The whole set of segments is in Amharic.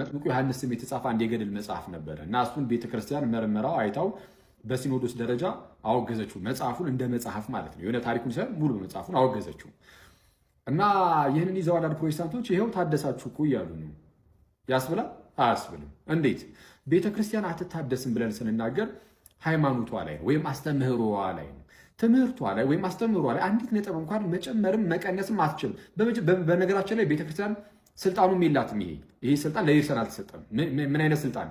መጥምቁ ዮሐንስ ስም የተጻፈ አንድ የገድል መጽሐፍ ነበረ እና እሱን ቤተክርስቲያን መርምራው አይታው በሲኖዶስ ደረጃ አወገዘችው። መጽሐፉን እንደ መጽሐፍ ማለት ነው። የሆነ ታሪኩን ሳይሆን ሙሉ መጽሐፉን አወገዘችው እና ይህንን ይዘዋላል ፕሮቴስታንቶች ይኸው ታደሳችሁ እኮ እያሉ ነው። ያስብላል? አያስብልም። እንዴት ቤተክርስቲያን አትታደስም ብለን ስንናገር ሃይማኖቷ ላይ ነው ወይም አስተምህሮዋ ላይ ነው ትምህርቷ ላይ ወይም አስተምህሯ ላይ አንዲት ነጥብ እንኳን መጨመርም መቀነስም አትችልም። በነገራችን ላይ ቤተክርስቲያን ስልጣኑም የላትም። ይሄ ይሄ ስልጣን ለኤርሰን አልተሰጠም። ምን አይነት ስልጣን?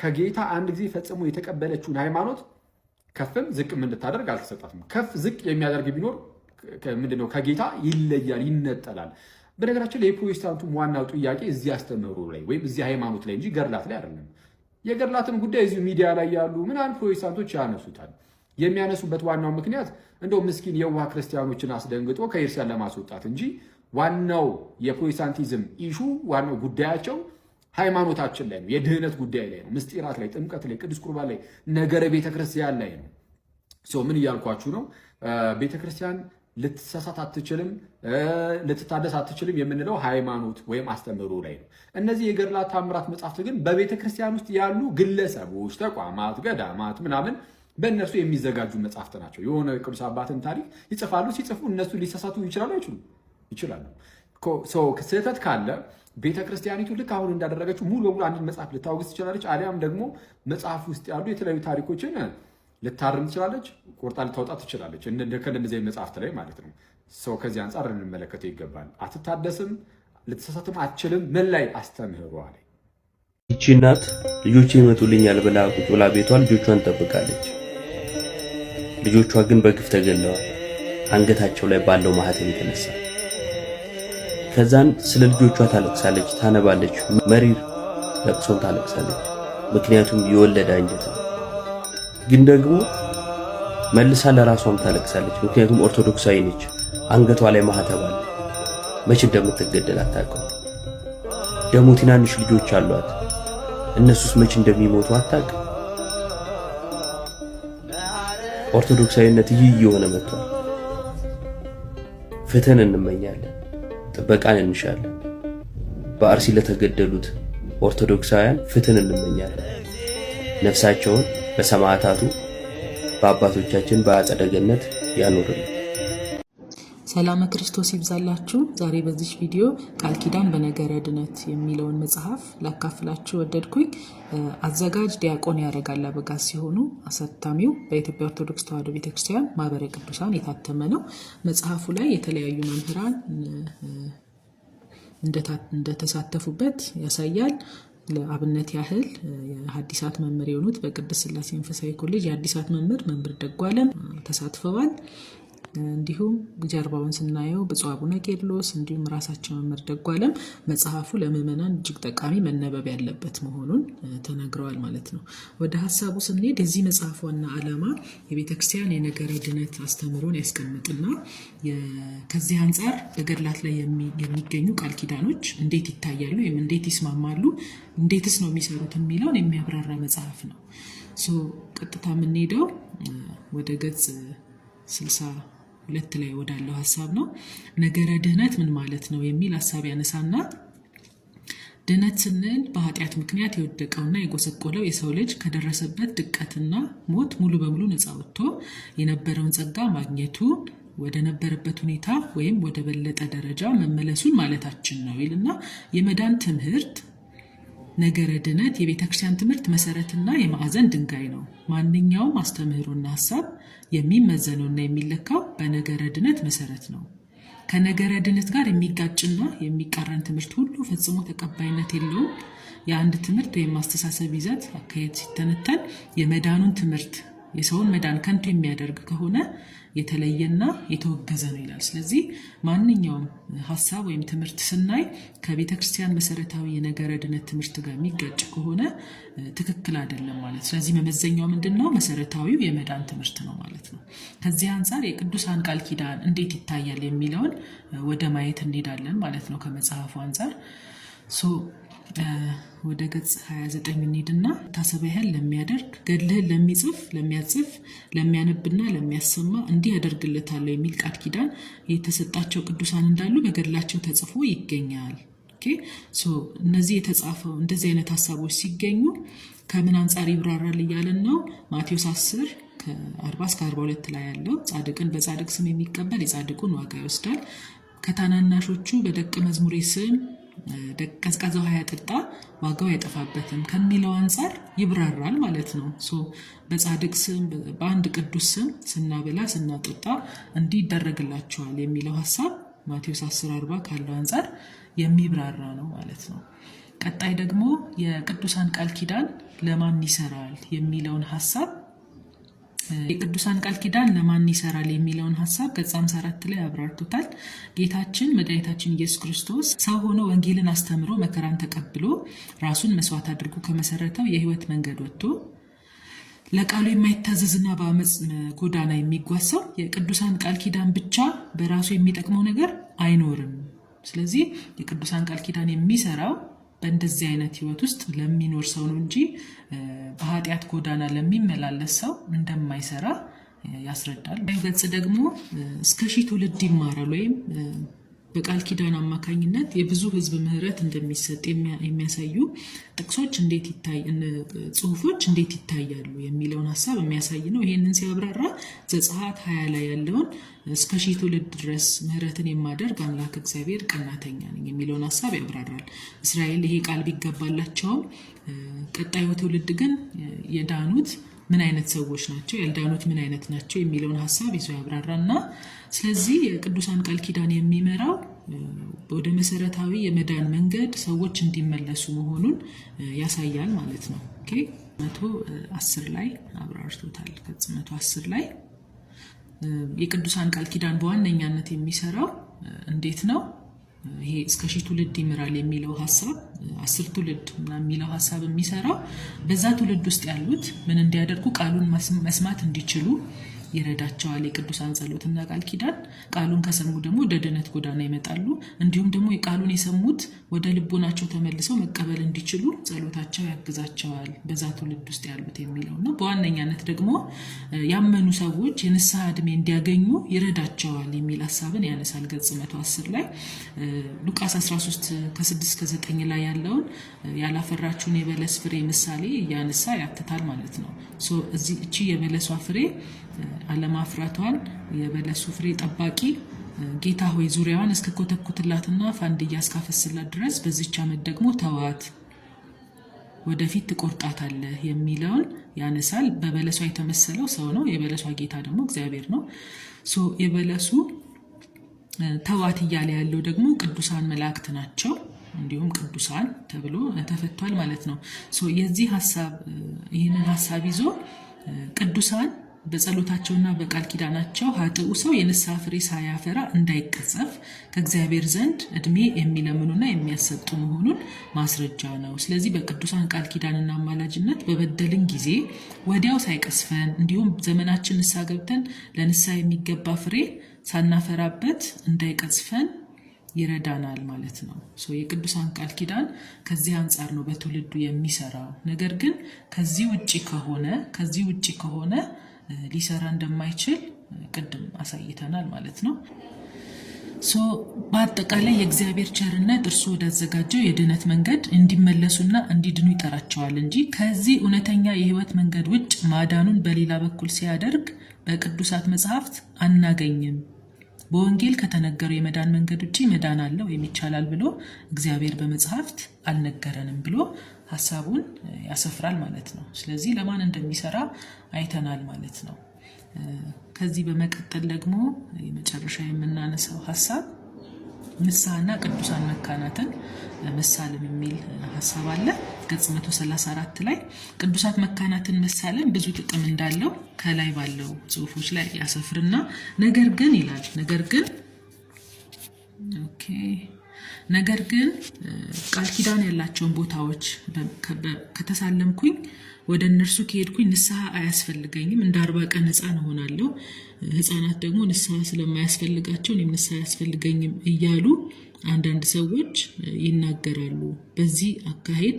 ከጌታ አንድ ጊዜ ፈጽሞ የተቀበለችውን ሃይማኖት ከፍም ዝቅም እንድታደርግ አልተሰጣትም። ከፍ ዝቅ የሚያደርግ ቢኖር ምንድነው? ከጌታ ይለያል፣ ይነጠላል። በነገራችን ላይ የፕሮቴስታንቱ ዋናው ጥያቄ እዚህ አስተምህሮ ላይ ወይም እዚህ ሃይማኖት ላይ እንጂ ገድላት ላይ አይደለም። የገድላትን ጉዳይ እዚሁ ሚዲያ ላይ ያሉ ምናምን ፕሮቴስታንቶች ያነሱታል። የሚያነሱበት ዋናው ምክንያት እንደው ምስኪን የውሃ ክርስቲያኖችን አስደንግጦ ከኤርሲያን ለማስወጣት እንጂ ዋናው የፕሮቴስታንቲዝም ኢሹ ዋናው ጉዳያቸው ሃይማኖታችን ላይ ነው፣ የድህነት ጉዳይ ላይ ነው፣ ምስጢራት ላይ፣ ጥምቀት ላይ፣ ቅዱስ ቁርባን ላይ፣ ነገረ ቤተክርስቲያን ላይ ነው። ምን እያልኳችሁ ነው? ቤተክርስቲያን ልትሳሳት አትችልም፣ ልትታደስ አትችልም የምንለው ሃይማኖት ወይም አስተምህሮ ላይ ነው። እነዚህ የገድላት ታምራት መጽሐፍት ግን በቤተክርስቲያን ውስጥ ያሉ ግለሰቦች፣ ተቋማት፣ ገዳማት ምናምን በእነሱ የሚዘጋጁ መጽሐፍት ናቸው። የሆነ ቅዱስ አባትን ታሪክ ይጽፋሉ። ሲጽፉ እነሱ ሊሳሳቱ ይችላሉ አይችሉም? ይችላሉ። ስህተት ካለ ቤተ ክርስቲያኒቱ ልክ አሁን እንዳደረገችው ሙሉ በሙሉ አንድን መጽሐፍ ልታወግዝ ትችላለች። አሊያም ደግሞ መጽሐፍ ውስጥ ያሉ የተለያዩ ታሪኮችን ልታርም ትችላለች፣ ቆርጣ ልታወጣ ትችላለች። ከእንደዚህ መጽሐፍት ላይ ማለት ነው። ሰው ከዚህ አንጻር ልንመለከተው ይገባል። አትታደስም፣ ልትሳሳትም አትችልም። ምን ላይ አስተምህሯል? ይቺ እናት ልጆች ይመጡልኛል ብላ ቁጭ ብላ ቤቷ ልጆቿን ጠብቃለች። ልጆቿ ግን በግፍ ተገለዋል፣ አንገታቸው ላይ ባለው ማህተም የተነሳ ከዛን ስለ ልጆቿ ታለቅሳለች፣ ታነባለች፣ መሪር ለቅሶም ታለቅሳለች። ምክንያቱም የወለደ አንጀት ነው። ግን ደግሞ መልሳ ለራሷም ታለቅሳለች፣ ምክንያቱም ኦርቶዶክሳዊ ነች። አንገቷ ላይ ማህተብ አለ። መቼ እንደምትገደል አታውቅም። ደግሞ ትናንሽ ልጆች አሏት። እነሱስ መቼ እንደሚሞቱ አታውቅም። ኦርቶዶክሳዊነት ይህ እየሆነ መጥቷል። ፍትህን እንመኛለን። ጥበቃን እንሻለን። በአርሲ ለተገደሉት ኦርቶዶክሳውያን ፍትህን እንመኛለን። ነፍሳቸውን በሰማዕታቱ በአባቶቻችን በአጸደ ገነት ያኑርልን። ሰላመ ክርስቶስ ይብዛላችሁ። ዛሬ በዚህ ቪዲዮ ቃል ኪዳን በነገረ ድነት የሚለውን መጽሐፍ ላካፍላችሁ ወደድኩኝ። አዘጋጅ ዲያቆን ያረጋል አበጋ ሲሆኑ አሳታሚው በኢትዮጵያ ኦርቶዶክስ ተዋህዶ ቤተክርስቲያን ማህበረ ቅዱሳን የታተመ ነው። መጽሐፉ ላይ የተለያዩ መምህራን እንደተሳተፉበት ያሳያል። ለአብነት ያህል የሀዲሳት መምህር የሆኑት በቅድስት ስላሴ መንፈሳዊ ኮሌጅ የሀዲሳት መምህር መምህር ደጓለም ተሳትፈዋል። እንዲሁም ጀርባውን ስናየው ብፁዕ አቡነ ቄርሎስ እንዲሁም ራሳቸው መምህር ደጓለም መጽሐፉ ለምዕመናን እጅግ ጠቃሚ መነበብ ያለበት መሆኑን ተናግረዋል ማለት ነው። ወደ ሀሳቡ ስንሄድ የዚህ መጽሐፍ ዋና ዓላማ የቤተክርስቲያን የነገረ ድነት አስተምሮን ያስቀምጥና ከዚህ አንጻር በገድላት ላይ የሚገኙ ቃል ኪዳኖች እንዴት ይታያሉ ወይም እንዴት ይስማማሉ፣ እንዴትስ ነው የሚሰሩት የሚለውን የሚያብራራ መጽሐፍ ነው። ቀጥታ የምንሄደው ወደ ገጽ ስልሳ ሁለት ላይ ወዳለው ሀሳብ ነው። ነገረ ድህነት ምን ማለት ነው የሚል ሀሳብ ያነሳና ድህነት ስንል በኃጢአት ምክንያት የወደቀውና የጎሰቆለው የሰው ልጅ ከደረሰበት ድቀትና ሞት ሙሉ በሙሉ ነፃ ወጥቶ የነበረውን ጸጋ ማግኘቱ ወደ ነበረበት ሁኔታ ወይም ወደ በለጠ ደረጃ መመለሱን ማለታችን ነው ይልና የመዳን ትምህርት ነገረ ድነት የቤተ ክርስቲያን ትምህርት መሰረትና የማዕዘን ድንጋይ ነው። ማንኛውም አስተምህሮና ሀሳብ የሚመዘነውና የሚለካው በነገረ ድነት መሰረት ነው። ከነገረ ድነት ጋር የሚጋጭና የሚቃረን ትምህርት ሁሉ ፈጽሞ ተቀባይነት የለውም። የአንድ ትምህርት ወይም አስተሳሰብ ይዘት አካሄድ ሲተነተን የመዳኑን ትምህርት የሰውን መዳን ከንቱ የሚያደርግ ከሆነ የተለየና የተወገዘ ነው ይላል። ስለዚህ ማንኛውም ሀሳብ ወይም ትምህርት ስናይ ከቤተ ክርስቲያን መሰረታዊ የነገረ ድነት ትምህርት ጋር የሚገጭ ከሆነ ትክክል አይደለም ማለት። ስለዚህ መመዘኛው ምንድን ነው? መሰረታዊው የመዳን ትምህርት ነው ማለት ነው። ከዚህ አንጻር የቅዱሳን ቃል ኪዳን እንዴት ይታያል የሚለውን ወደ ማየት እንሄዳለን ማለት ነው ከመጽሐፉ አንጻር ወደ ገጽ 29 እንሂድና ታሰቢያህን ለሚያደርግ ገድልህን ለሚጽፍ ለሚያጽፍ ለሚያነብና ለሚያሰማ እንዲህ ያደርግለታለሁ የሚል ቃል ኪዳን የተሰጣቸው ቅዱሳን እንዳሉ በገድላቸው ተጽፎ ይገኛል። እነዚህ የተጻፈው እንደዚህ አይነት ሀሳቦች ሲገኙ ከምን አንጻር ይብራራል እያለን ነው። ማቴዎስ 10 ከ40 እስከ 42 ላይ ያለው ጻድቅን በጻድቅ ስም የሚቀበል የጻድቁን ዋጋ ይወስዳል፣ ከታናናሾቹ በደቀ መዝሙሬ ስም ቀዝቃዛው ውሃ ያጠጣ ዋጋው አይጠፋበትም ከሚለው አንጻር ይብራራል ማለት ነው። በጻድቅ ስም በአንድ ቅዱስ ስም ስናበላ ስናጠጣ እንዲህ ይደረግላቸዋል የሚለው ሀሳብ ማቴዎስ 10፥40 ካለው አንጻር የሚብራራ ነው ማለት ነው። ቀጣይ ደግሞ የቅዱሳን ቃል ኪዳን ለማን ይሰራል የሚለውን ሀሳብ የቅዱሳን ቃል ኪዳን ለማን ይሰራል የሚለውን ሀሳብ ገጽ 54 ላይ አብራርቶታል። ጌታችን መድኃኒታችን ኢየሱስ ክርስቶስ ሰው ሆኖ ወንጌልን አስተምሮ መከራን ተቀብሎ ራሱን መስዋዕት አድርጎ ከመሰረተው የህይወት መንገድ ወጥቶ ለቃሉ የማይታዘዝና በአመፅ ጎዳና የሚጓዝ ሰው የቅዱሳን ቃል ኪዳን ብቻ በራሱ የሚጠቅመው ነገር አይኖርም። ስለዚህ የቅዱሳን ቃል ኪዳን የሚሰራው በእንደዚህ አይነት ህይወት ውስጥ ለሚኖር ሰው ነው እንጂ በኃጢአት ጎዳና ለሚመላለስ ሰው እንደማይሰራ ያስረዳል። ገጽ ደግሞ እስከ ሺህ ትውልድ ይማራል ወይም በቃል ኪዳን አማካኝነት የብዙ ህዝብ ምህረት እንደሚሰጥ የሚያሳዩ ጥቅሶች እንዴት ጽሁፎች እንዴት ይታያሉ የሚለውን ሀሳብ የሚያሳይ ነው። ይህንን ሲያብራራ ዘጸአት ሀያ ላይ ያለውን እስከ ሺህ ትውልድ ድረስ ምህረትን የማደርግ አምላክ እግዚአብሔር ቀናተኛ ነኝ የሚለውን ሀሳብ ያብራራል። እስራኤል ይሄ ቃል ቢገባላቸውም ቀጣዩ ትውልድ ግን የዳኑት ምን አይነት ሰዎች ናቸው ያልዳኑት ምን አይነት ናቸው የሚለውን ሀሳብ ይዞ ያብራራና ስለዚህ የቅዱሳን ቃል ኪዳን የሚመራው ወደ መሰረታዊ የመዳን መንገድ ሰዎች እንዲመለሱ መሆኑን ያሳያል ማለት ነው። መቶ አስር ላይ አብራርቶታል። ገጽ መቶ አስር ላይ የቅዱሳን ቃል ኪዳን በዋነኛነት የሚሰራው እንዴት ነው? ይሄ እስከ ሺህ ትውልድ ይምራል የሚለው ሀሳብ አስር ትውልድ የሚለው ሀሳብ የሚሰራው በዛ ትውልድ ውስጥ ያሉት ምን እንዲያደርጉ ቃሉን መስማት እንዲችሉ ይረዳቸዋል። የቅዱሳን ጸሎትና ቃል ኪዳን ቃሉን ከሰሙ ደግሞ ወደ ድነት ጎዳና ይመጣሉ። እንዲሁም ደግሞ የቃሉን የሰሙት ወደ ልቦናቸው ተመልሰው መቀበል እንዲችሉ ጸሎታቸው ያግዛቸዋል በዛ ትውልድ ውስጥ ያሉት የሚለው ነው። በዋነኛነት ደግሞ ያመኑ ሰዎች የንስሐ ዕድሜ እንዲያገኙ ይረዳቸዋል የሚል ሀሳብን ያነሳል ገጽ መቶ አስር ላይ ሉቃስ 13 ከ6 9 ላይ ያለውን ያላፈራችሁን የበለስ ፍሬ ምሳሌ እያነሳ ያትታል ማለት ነው። እቺ የበለሷ ፍሬ አለማፍራቷን የበለሱ ፍሬ ጠባቂ ጌታ ሆይ ዙሪያዋን እስከ ኮተኩትላትና ፋንድያ እስካፈስላት ድረስ በዚች ዓመት ደግሞ ተዋት ወደፊት ትቆርጣታለህ የሚለውን ያነሳል። በበለሷ የተመሰለው ሰው ነው። የበለሷ ጌታ ደግሞ እግዚአብሔር ነው። የበለሱ ተዋት እያለ ያለው ደግሞ ቅዱሳን መላእክት ናቸው። እንዲሁም ቅዱሳን ተብሎ ተፈቷል ማለት ነው። የዚህ ሀሳብ ይህንን ሀሳብ ይዞ ቅዱሳን በጸሎታቸውና በቃል ኪዳናቸው ሀጥኡ ሰው የንስሐ ፍሬ ሳያፈራ እንዳይቀጸፍ ከእግዚአብሔር ዘንድ እድሜ የሚለምኑና የሚያሰጡ መሆኑን ማስረጃ ነው። ስለዚህ በቅዱሳን ቃል ኪዳንና አማላጅነት በበደልን ጊዜ ወዲያው ሳይቀስፈን እንዲሁም ዘመናችን ንስሐ ገብተን ለንስሐ የሚገባ ፍሬ ሳናፈራበት እንዳይቀጽፈን ይረዳናል ማለት ነው። የቅዱሳን ቃል ኪዳን ከዚህ አንጻር ነው በትውልዱ የሚሰራው። ነገር ግን ከዚህ ውጭ ከሆነ ከዚህ ውጭ ከሆነ ሊሰራ እንደማይችል ቅድም አሳይተናል ማለት ነው። በአጠቃላይ የእግዚአብሔር ቸርነት እርሱ ወዳዘጋጀው የድነት መንገድ እንዲመለሱና እንዲድኑ ይጠራቸዋል እንጂ ከዚህ እውነተኛ የህይወት መንገድ ውጭ ማዳኑን በሌላ በኩል ሲያደርግ በቅዱሳት መጽሐፍት አናገኝም። በወንጌል ከተነገረው የመዳን መንገድ ውጭ መዳን አለ ወይም ይቻላል ብሎ እግዚአብሔር በመጽሐፍት አልነገረንም ብሎ ሀሳቡን ያሰፍራል ማለት ነው። ስለዚህ ለማን እንደሚሰራ አይተናል ማለት ነው። ከዚህ በመቀጠል ደግሞ የመጨረሻ የምናነሳው ሀሳብ ንስሐና ቅዱሳን መካናትን መሳለም የሚል ሀሳብ አለ። ገጽ 134 ላይ ቅዱሳት መካናትን መሳለም ብዙ ጥቅም እንዳለው ከላይ ባለው ጽሁፎች ላይ ያሰፍርና ነገር ግን ይላል ነገር ግን ኦኬ ነገር ግን ቃል ኪዳን ያላቸውን ቦታዎች ከተሳለምኩኝ ወደ እነርሱ ከሄድኩኝ ንስሐ አያስፈልገኝም። እንደ አርባ ቀን ህፃን እሆናለሁ። ህፃናት ደግሞ ንስሐ ስለማያስፈልጋቸው እኔም ንስሐ አያስፈልገኝም እያሉ አንዳንድ ሰዎች ይናገራሉ። በዚህ አካሄድ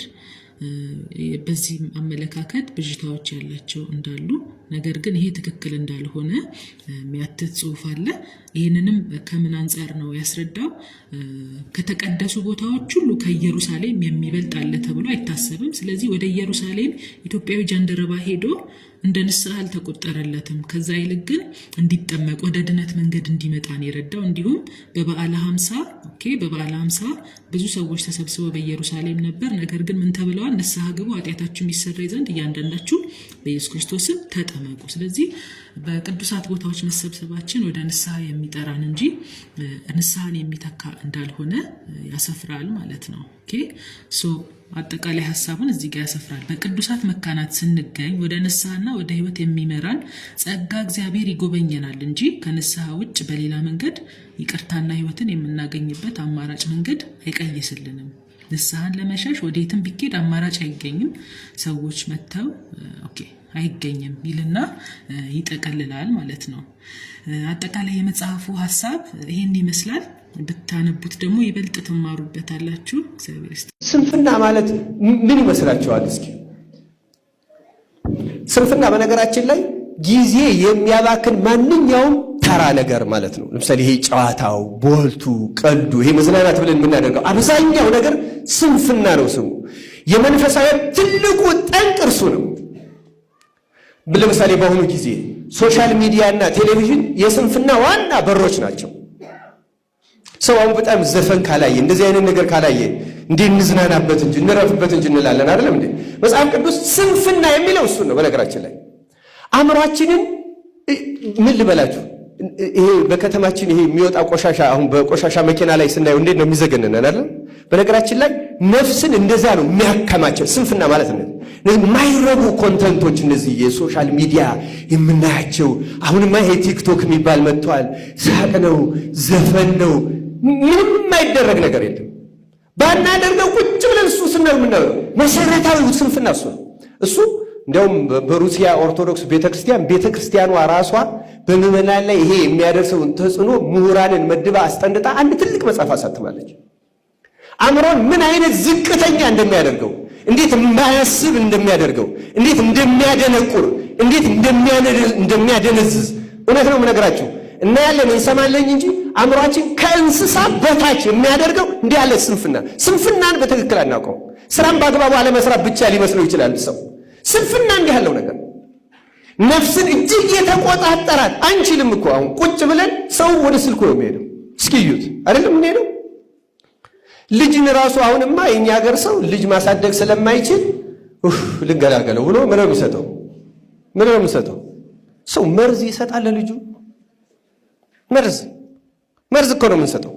በዚህ አመለካከት ብዥታዎች ያላቸው እንዳሉ ነገር ግን ይሄ ትክክል እንዳልሆነ የሚያትት ጽሁፍ አለ። ይህንንም ከምን አንጻር ነው ያስረዳው? ከተቀደሱ ቦታዎች ሁሉ ከኢየሩሳሌም የሚበልጥ አለ ተብሎ አይታሰብም። ስለዚህ ወደ ኢየሩሳሌም ኢትዮጵያዊ ጃንደረባ ሄዶ እንደ ንስሐ አልተቆጠረለትም። ከዛ ይልቅ ግን እንዲጠመቅ ወደ ድነት መንገድ ነው የረዳው እንዲሁም በበዓለ ሀምሳ ኦኬ፣ በበዓለ ሀምሳ ብዙ ሰዎች ተሰብስበው በኢየሩሳሌም ነበር። ነገር ግን ምን ተብለዋል? ንስሐ ግቡ፣ ኃጢአታችሁ ይሰረይ ዘንድ እያንዳንዳችሁ በኢየሱስ ክርስቶስም ተጠመቁ። ስለዚህ በቅዱሳት ቦታዎች መሰብሰባችን ወደ ንስሐ የሚጠራን እንጂ ንስሐን የሚተካ እንዳልሆነ ያሰፍራል ማለት ነው። ኦኬ ሶ አጠቃላይ ሀሳቡን እዚህ ጋር ያሰፍራል። በቅዱሳት መካናት ስንገኝ ወደ ንስሐና ወደ ህይወት የሚመራን ጸጋ እግዚአብሔር ይጎበኘናል እንጂ ከንስሐ ውጭ በሌላ መንገድ ይቅርታና ህይወትን የምናገኝበት አማራጭ መንገድ አይቀይስልንም። ንስሐን ለመሸሽ ወዴትም ቢኬድ አማራጭ አይገኝም። ሰዎች መጥተው ኦኬ አይገኝም ይልና ይጠቀልላል ማለት ነው። አጠቃላይ የመጽሐፉ ሀሳብ ይህን ይመስላል። ብታነቡት ደግሞ ይበልጥ ትማሩበታላችሁ። እግዚአብሔር ስንፍና ማለት ምን ይመስላችኋል? እስኪ ስንፍና በነገራችን ላይ ጊዜ የሚያባክን ማንኛውም ተራ ነገር ማለት ነው። ለምሳሌ ይሄ ጨዋታው፣ ቦልቱ፣ ቀልዱ፣ ይሄ መዝናናት ብለን የምናደርገው አብዛኛው ነገር ስንፍና ነው ስሙ። የመንፈሳዊ ትልቁ ጠንቅ እርሱ ነው። ለምሳሌ በአሁኑ ጊዜ ሶሻል ሚዲያ እና ቴሌቪዥን የስንፍና ዋና በሮች ናቸው። ሰው አሁን በጣም ዘፈን ካላየ እንደዚህ አይነት ነገር ካላየ እንዴ እንዝናናበት እንጂ እንረፍበት እንጂ እንላለን አይደለም እንዴ? መጽሐፍ ቅዱስ ስንፍና የሚለው እሱን ነው። በነገራችን ላይ አእምሯችንን ምን ልበላችሁ፣ ይሄ በከተማችን ይሄ የሚወጣ ቆሻሻ አሁን በቆሻሻ መኪና ላይ ስናየው እንዴት ነው የሚዘገነን አይደለም። በነገራችን ላይ ነፍስን እንደዛ ነው የሚያከማቸው ስንፍና ማለት ነው። ማይረቡ ኮንተንቶች እነዚህ የሶሻል ሚዲያ የምናያቸው አሁንማ፣ ይሄ ቲክቶክ የሚባል መጥተዋል። ሳቅ ነው፣ ዘፈን ነው ምንም የማይደረግ ነገር የለም። ባናደርገው ቁጭ ብለን እሱ ስነው የምናየው መሰረታዊ ስንፍና እሱ ነው። እሱ እንዲያውም በሩሲያ ኦርቶዶክስ ቤተክርስቲያን ቤተክርስቲያኗ ራሷ በምዕመናን ላይ ይሄ የሚያደርሰውን ተጽዕኖ ምሁራንን መድባ አስጠንድጣ አንድ ትልቅ መጽሐፍ አሳትማለች። አእምሮን ምን አይነት ዝቅተኛ እንደሚያደርገው እንዴት የማያስብ እንደሚያደርገው እንዴት እንደሚያደነቁር እንዴት እንደሚያደነዝዝ እውነት ነው የምነግራችሁ። እናያለን ይሰማለኝ እንጂ አእምሯችን ከእንስሳ በታች የሚያደርገው እንዲህ ያለ ስንፍና ስንፍናን በትክክል አናውቀው። ስራም በአግባቡ አለመስራት ብቻ ሊመስለው ይችላል ሰው። ስንፍና እንዲህ ያለው ነገር ነፍስን እጅግ የተቆጣጠራት አንችልም እኮ አሁን ቁጭ ብለን ሰው ወደ ስልኩ ነው የሚሄደው። እስኪዩት አይደለም የምንሄደው ልጅን ራሱ አሁንማ የኛ ሀገር ሰው ልጅ ማሳደግ ስለማይችል ልንገላገለው ብሎ ምን ነው የሚሰጠው? ምን ነው የሚሰጠው? ሰው መርዝ ይሰጣል ለልጁ መርዝ መርዝ እኮ ነው የምንሰጠው።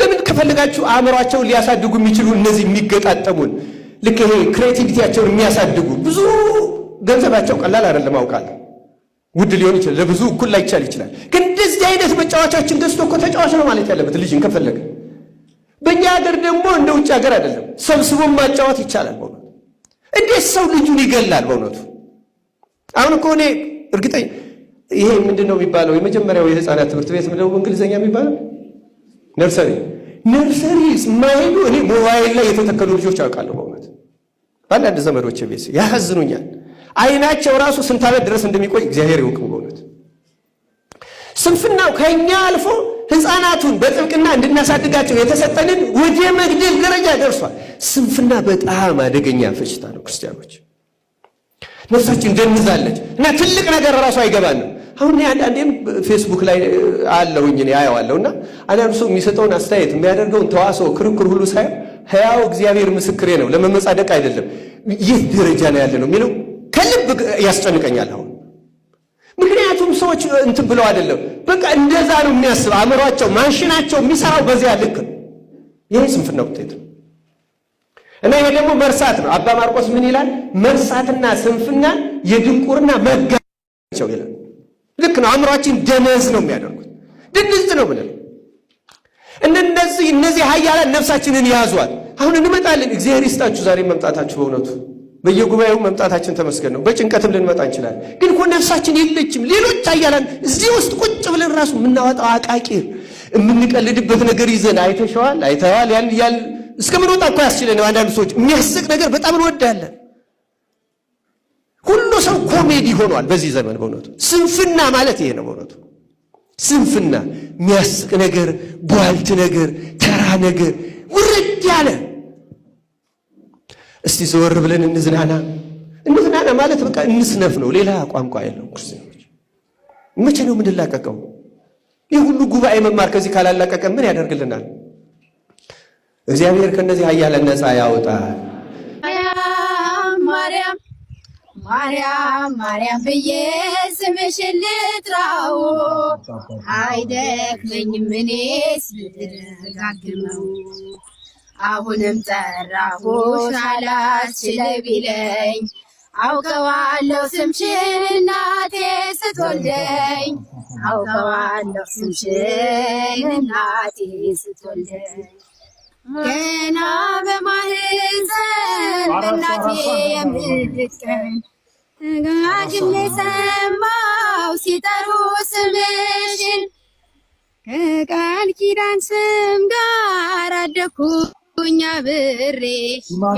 ለምን ከፈለጋችሁ አእምሯቸውን ሊያሳድጉ የሚችሉ እነዚህ የሚገጣጠሙን ልክ ይሄ ክሬቲቪቲያቸውን የሚያሳድጉ ብዙ ገንዘባቸው ቀላል አይደለም አውቃለሁ፣ ውድ ሊሆን ይችላል፣ ለብዙ እኩል ላይቻል ይችላል። ግን እንደዚህ አይነት መጫወቻዎችን ገዝቶ እኮ ተጫዋች ነው ማለት ያለበት ልጅን ከፈለገ። በእኛ ሀገር ደግሞ እንደ ውጭ ሀገር አይደለም፣ ሰብስቦን ማጫወት ይቻላል። በእውነቱ እንዴት ሰው ልጁን ይገላል! በእውነቱ አሁን እኮ እኔ እርግጠኛ ይሄ ምንድን ነው የሚባለው? የመጀመሪያው የህፃናት ትምህርት ቤት ምንድነው እንግሊዝኛ የሚባለው? ነርሰሪ ነርሰሪ ማይሉ እኔ ሞባይል ላይ የተተከሉ ልጆች አውቃለሁ። በእውነት በአንዳንድ ዘመዶች ቤት ያሳዝኑኛል። አይናቸው ራሱ ስንት ዓመት ድረስ እንደሚቆይ እግዚአብሔር ይወቅም። በእውነት ስንፍናው ከእኛ አልፎ ህፃናቱን በጥብቅና እንድናሳድጋቸው የተሰጠንን ወደ መግደል ደረጃ ደርሷል። ስንፍና በጣም አደገኛ በሽታ ነው ክርስቲያኖች ነፍሳችን ደንዛለች እና ትልቅ ነገር ራሱ አይገባንም። አሁን አንዳንዴም ፌስቡክ ላይ አለሁኝ አየዋለሁ እና አንዳንዱ ሰው የሚሰጠውን አስተያየት የሚያደርገውን ተዋሶ ክርክር ሁሉ ሳይ ህያው እግዚአብሔር ምስክሬ ነው፣ ለመመጻደቅ አይደለም ይህ ደረጃ ነው ያለ ነው የሚለው ከልብ ያስጨንቀኛል። አሁን ምክንያቱም ሰዎች እንትን ብለው አይደለም፣ በቃ እንደዛ ነው የሚያስብ አእምሯቸው፣ ማሽናቸው የሚሰራው በዚያ ልክ ነው። ይህ ስንፍና ውጤት ነው እና ይሄ ደግሞ መርሳት ነው። አባ ማርቆስ ምን ይላል? መርሳትና ስንፍና የድንቁርና መጋ አእምሯችን ደነዝ ነው የሚያደርጉት። ድንዝ ነው ምንለው። እንደነዚህ እነዚህ ሀያላን ነፍሳችንን ያዟል። አሁን እንመጣለን። እግዚአብሔር ይስጣችሁ ዛሬ መምጣታችሁ በእውነቱ በየጉባኤው መምጣታችን ተመስገን ነው። በጭንቀትም ልንመጣ እንችላለን። ግን እኮ ነፍሳችን የለችም። ሌሎች ሀያላን እዚህ ውስጥ ቁጭ ብለን ራሱ የምናወጣው አቃቂ የምንቀልድበት ነገር ይዘን አይተሸዋል፣ አይተዋል ያል እስከምንወጣ እኮ ያስችለን። አንዳንዱ ሰዎች የሚያስቅ ነገር በጣም እንወዳለን። ሁሉ ሰው ኮሜዲ ሆኗል በዚህ ዘመን። በእውነቱ ስንፍና ማለት ይሄ ነው። በእውነቱ ስንፍና የሚያስቅ ነገር፣ ቧልት ነገር፣ ተራ ነገር፣ ውርድ ያለ እስቲ ዘወር ብለን እንዝናና። እንዝናና ማለት በቃ እንስነፍ ነው፣ ሌላ ቋንቋ የለው ክርስቲያኖች መቼ ነው የምንላቀቀው? ይህ ሁሉ ጉባኤ መማር ከዚህ ካላላቀቀ ምን ያደርግልናል? እግዚአብሔር ከእነዚህ ኃያላን ነፃ ያወጣል። ማርያም ማርያም ብዬ ስምሽን ልጥራው አይደክለኝም እኔስ ልደጋግመው። አሁንም ጠራሁሽ አላስችል ቢለኝ አውቀዋለሁ ስምሽን እናቴ ስትወልደኝ አውቀዋለሁ ስምሽን እናቴ ስትወልደኝ ገና በማህፀን በእናቴ የምትቀን ደጋግሜ ሰማው ሲጠሩ ስምሽን ከቃል ኪዳን ስም ጋር አደኩኝ አብሬ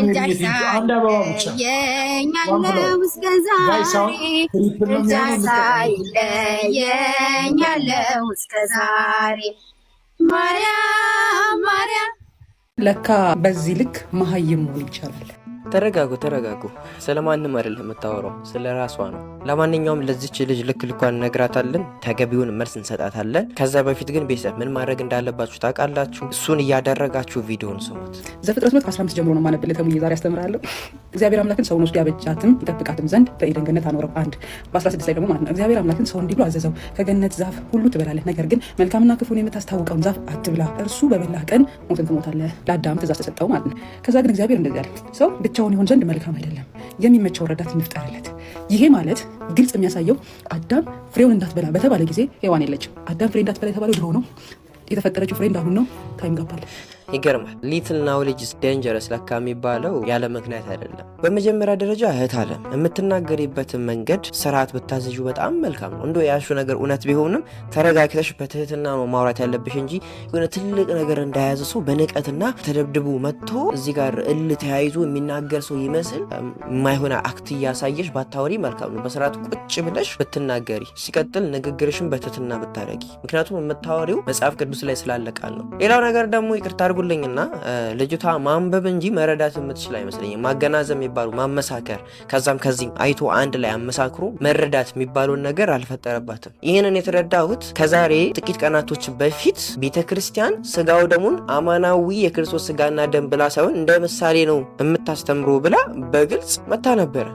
እጃሽ እስከ ዛሬ እስከ ዛሬ ማርያም ማርያም። ለካ በዚህ ልክ መሀይም መሆን ይቻላል። ተረጋጉ ተረጋጉ። ስለ ማንም አይደለም የምታወራው ስለ ራሷ ነው። ለማንኛውም ለዚች ልጅ ልክ ልኳን እነግራታለን፣ ተገቢውን መልስ እንሰጣታለን። ከዛ በፊት ግን ቤተሰብ ምን ማድረግ እንዳለባችሁ ታውቃላችሁ። እሱን እያደረጋችሁ ቪዲዮን ስሙት። ዘፍጥረት ምዕራፍ 15 ጀምሮ ነው ማነብለት ተሙዬ ዛሬ ያስተምራለሁ። እግዚአብሔር አምላክን ሰውን ወስዶ ያበጃትም ይጠብቃትም ዘንድ በኤደን ገነት አኖረው። አንድ በ16 ላይ ደግሞ ማለት ነው እግዚአብሔር አምላክን ሰው እንዲህ ብሎ አዘዘው፣ ከገነት ዛፍ ሁሉ ትበላለህ፣ ነገር ግን መልካምና ክፉን የምታስታውቀውን ዛፍ አትብላ፣ እርሱ በበላህ ቀን ሞትን ትሞታለህ። ለአዳም ትእዛዝ ተሰጠው ማለት ነው። ከዛ ግን እግዚአብሔር እንደዚህ ያለ ሰው ብቻ ብቻውን ይሆን ዘንድ መልካም አይደለም፣ የሚመቸው ረዳት እንፍጠርለት። ይሄ ማለት ግልጽ የሚያሳየው አዳም ፍሬውን እንዳትበላ በተባለ ጊዜ ሔዋን የለችም። አዳም ፍሬ እንዳትበላ የተባለው ድሮ ነው። የተፈጠረችው ፍሬ እንዳሁን ነው። ታይም ጋባል ይገርማል። ሊትል ናውሌጅ ኢዝ ዴንጀረስ ለካ የሚባለው ያለ ምክንያት አይደለም። በመጀመሪያ ደረጃ እህት አለም የምትናገሪበትን መንገድ ስርዓት ብታዘዡ በጣም መልካም ነው። እንዶ ያሹ ነገር እውነት ቢሆንም ተረጋግተሽ በትህትና ነው ማውራት ያለብሽ እንጂ የሆነ ትልቅ ነገር እንዳያዘ ሰው በንቀትና ተደብድቦ መጥቶ እዚህ ጋር እል ተያይዞ የሚናገር ሰው ይመስል የማይሆነ አክት እያሳየሽ ባታወሪ መልካም ነው። በስርዓት ቁጭ ብለሽ ብትናገሪ፣ ሲቀጥል ንግግርሽን በትህትና ብታደረጊ፣ ምክንያቱም የምታወሪው መጽሐፍ ቅዱስ ላይ ስላለቃል ነው። ሌላው ነገር ደግሞ ይቅርታ አድርጎ አደረጉልኝና ልጅቷ ማንበብ እንጂ መረዳት የምትችል አይመስለኝም። ማገናዘብ የሚባሉ ማመሳከር፣ ከዛም ከዚህም አይቶ አንድ ላይ አመሳክሮ መረዳት የሚባለውን ነገር አልፈጠረባትም። ይህንን የተረዳሁት ከዛሬ ጥቂት ቀናቶች በፊት ቤተ ክርስቲያን ስጋው ደሙን አማናዊ የክርስቶስ ስጋና ደም ብላ ሳይሆን እንደ ምሳሌ ነው የምታስተምሮ ብላ በግልጽ መታ ነበረ።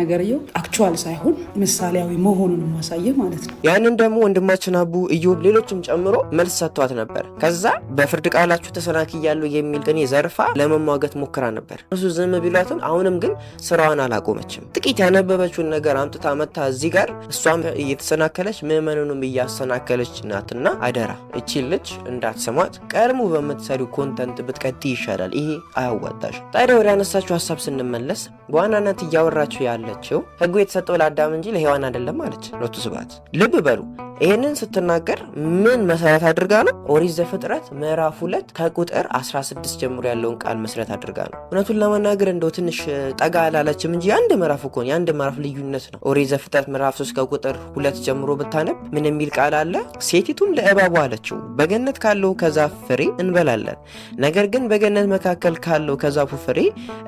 ነገርየው አክቹዋል ሳይሆን ምሳሌያዊ መሆኑን ማሳየ ማለት ነው። ያንን ደግሞ ወንድማችን አቡ እዩብ ሌሎችም ጨምሮ መልስ ሰጥቷት ነበር። ከዛ በፍርድ ቃላችሁ ተሰናክ ያለው የሚል ግን ዘርፋ ለመሟገት ሞክራ ነበር። እሱ ዝም ቢላትም አሁንም ግን ስራዋን አላቆመችም። ጥቂት ያነበበችውን ነገር አምጥታ መታ እዚህ ጋር እሷም እየተሰናከለች ምዕመኑንም እያሰናከለች ናትና አደራ እቺ ልጅ እንዳትሰማት። ቀድሞ በምትሰሪው ኮንተንት ብትቀጥ ይሻላል። ይሄ አያዋጣሽ። ታዲያ ወደ ያነሳችው ሀሳብ ስንመለስ በዋናነት እያወራችው ያለችው ህጉ የተሰጠው ለአዳም እንጂ ለሔዋን አይደለም አለች ሎቱ ስብሐት። ልብ በሉ ይህንን ስትናገር ምን መሰረት አድርጋ ነው? ኦሪት ዘፍጥረት ምዕራፍ ሁለት ከቁጥር 16 ጀምሮ ያለውን ቃል መሰረት አድርጋ ነው። እውነቱን ለመናገር እንደው ትንሽ ጠጋ አላለችም እንጂ የአንድ ምዕራፍ እኮ የአንድ ምዕራፍ ልዩነት ነው። ኦሪት ዘፍጥረት ምዕራፍ 3 ከቁጥር ሁለት ጀምሮ ብታነብ ምን የሚል ቃል አለ? ሴቲቱን ለእባቡ አለችው በገነት ካለው ከዛፍ ፍሬ እንበላለን፣ ነገር ግን በገነት መካከል ካለው ከዛፉ ፍሬ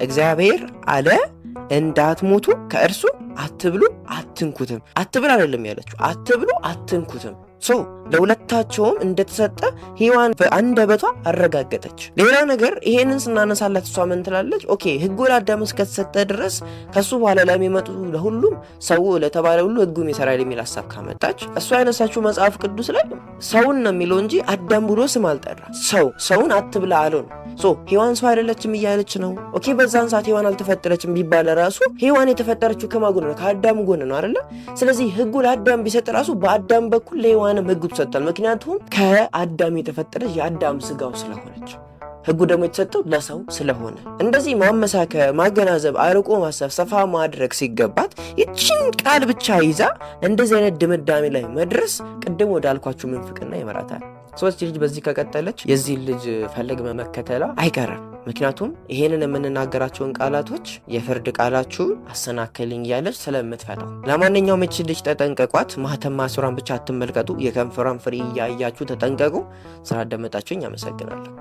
እግዚአብሔር አለ እንዳትሞቱ ከእርሱ አትብሉ አትንኩትም። አትብል አይደለም ያለችው፣ አትብሉ አትንኩትም ሶ ለሁለታቸውም እንደተሰጠ ሔዋን አንደበቷ አረጋገጠች። ሌላ ነገር ይሄንን ስናነሳላት እሷ ምን ትላለች? ኦኬ ህጉ ለአዳም እስከተሰጠ ድረስ ከሱ በኋላ ለሚመጡ ለሁሉም ሰው ለተባለ ሁሉ ህጉም ይሰራል የሚል ሀሳብ ካመጣች እሷ ያነሳችው መጽሐፍ ቅዱስ ላይ ሰውን ነው የሚለው እንጂ አዳም ብሎ ስም አልጠራ። ሰው ሰውን አትብላ አለው ነው። ሶ ሔዋን ሰው አይደለችም እያለች ነው። ኦኬ በዛን ሰዓት ሔዋን አልተፈጠረችም ቢባል ራሱ ሔዋን የተፈጠረችው ከማጎን ነው? ከአዳም ጎን ነው አይደለ? ስለዚህ ህጉ ለአዳም ቢሰጥ ራሱ በአዳም በኩል ለሔዋንም ህግ ሰጥቷል። ምክንያቱም ከአዳም የተፈጠረች የአዳም ስጋው ስለሆነች ህጉ ደግሞ የተሰጠው ለሰው ስለሆነ እንደዚህ ማመሳከር፣ ማገናዘብ፣ አርቆ ማሰብ፣ ሰፋ ማድረግ ሲገባት ይችን ቃል ብቻ ይዛ እንደዚህ አይነት ድምዳሜ ላይ መድረስ ቅድም ወዳልኳችሁ ምንፍቅና ይመራታል። ሶስት ልጅ በዚህ ከቀጠለች የዚህ ልጅ ፈለግ መመከተላ አይቀርም። ምክንያቱም ይሄንን የምንናገራቸውን ቃላቶች የፍርድ ቃላችሁ አሰናከልኝ እያለች ስለምትፈታው። ለማንኛውም እች ልጅ ተጠንቀቋት። ማህተም ማስሯን ብቻ አትመልከቱ። የከንፈሯን ፍሬ እያያችሁ ተጠንቀቁ። ስራ አደመጣችሁኝ። አመሰግናለሁ።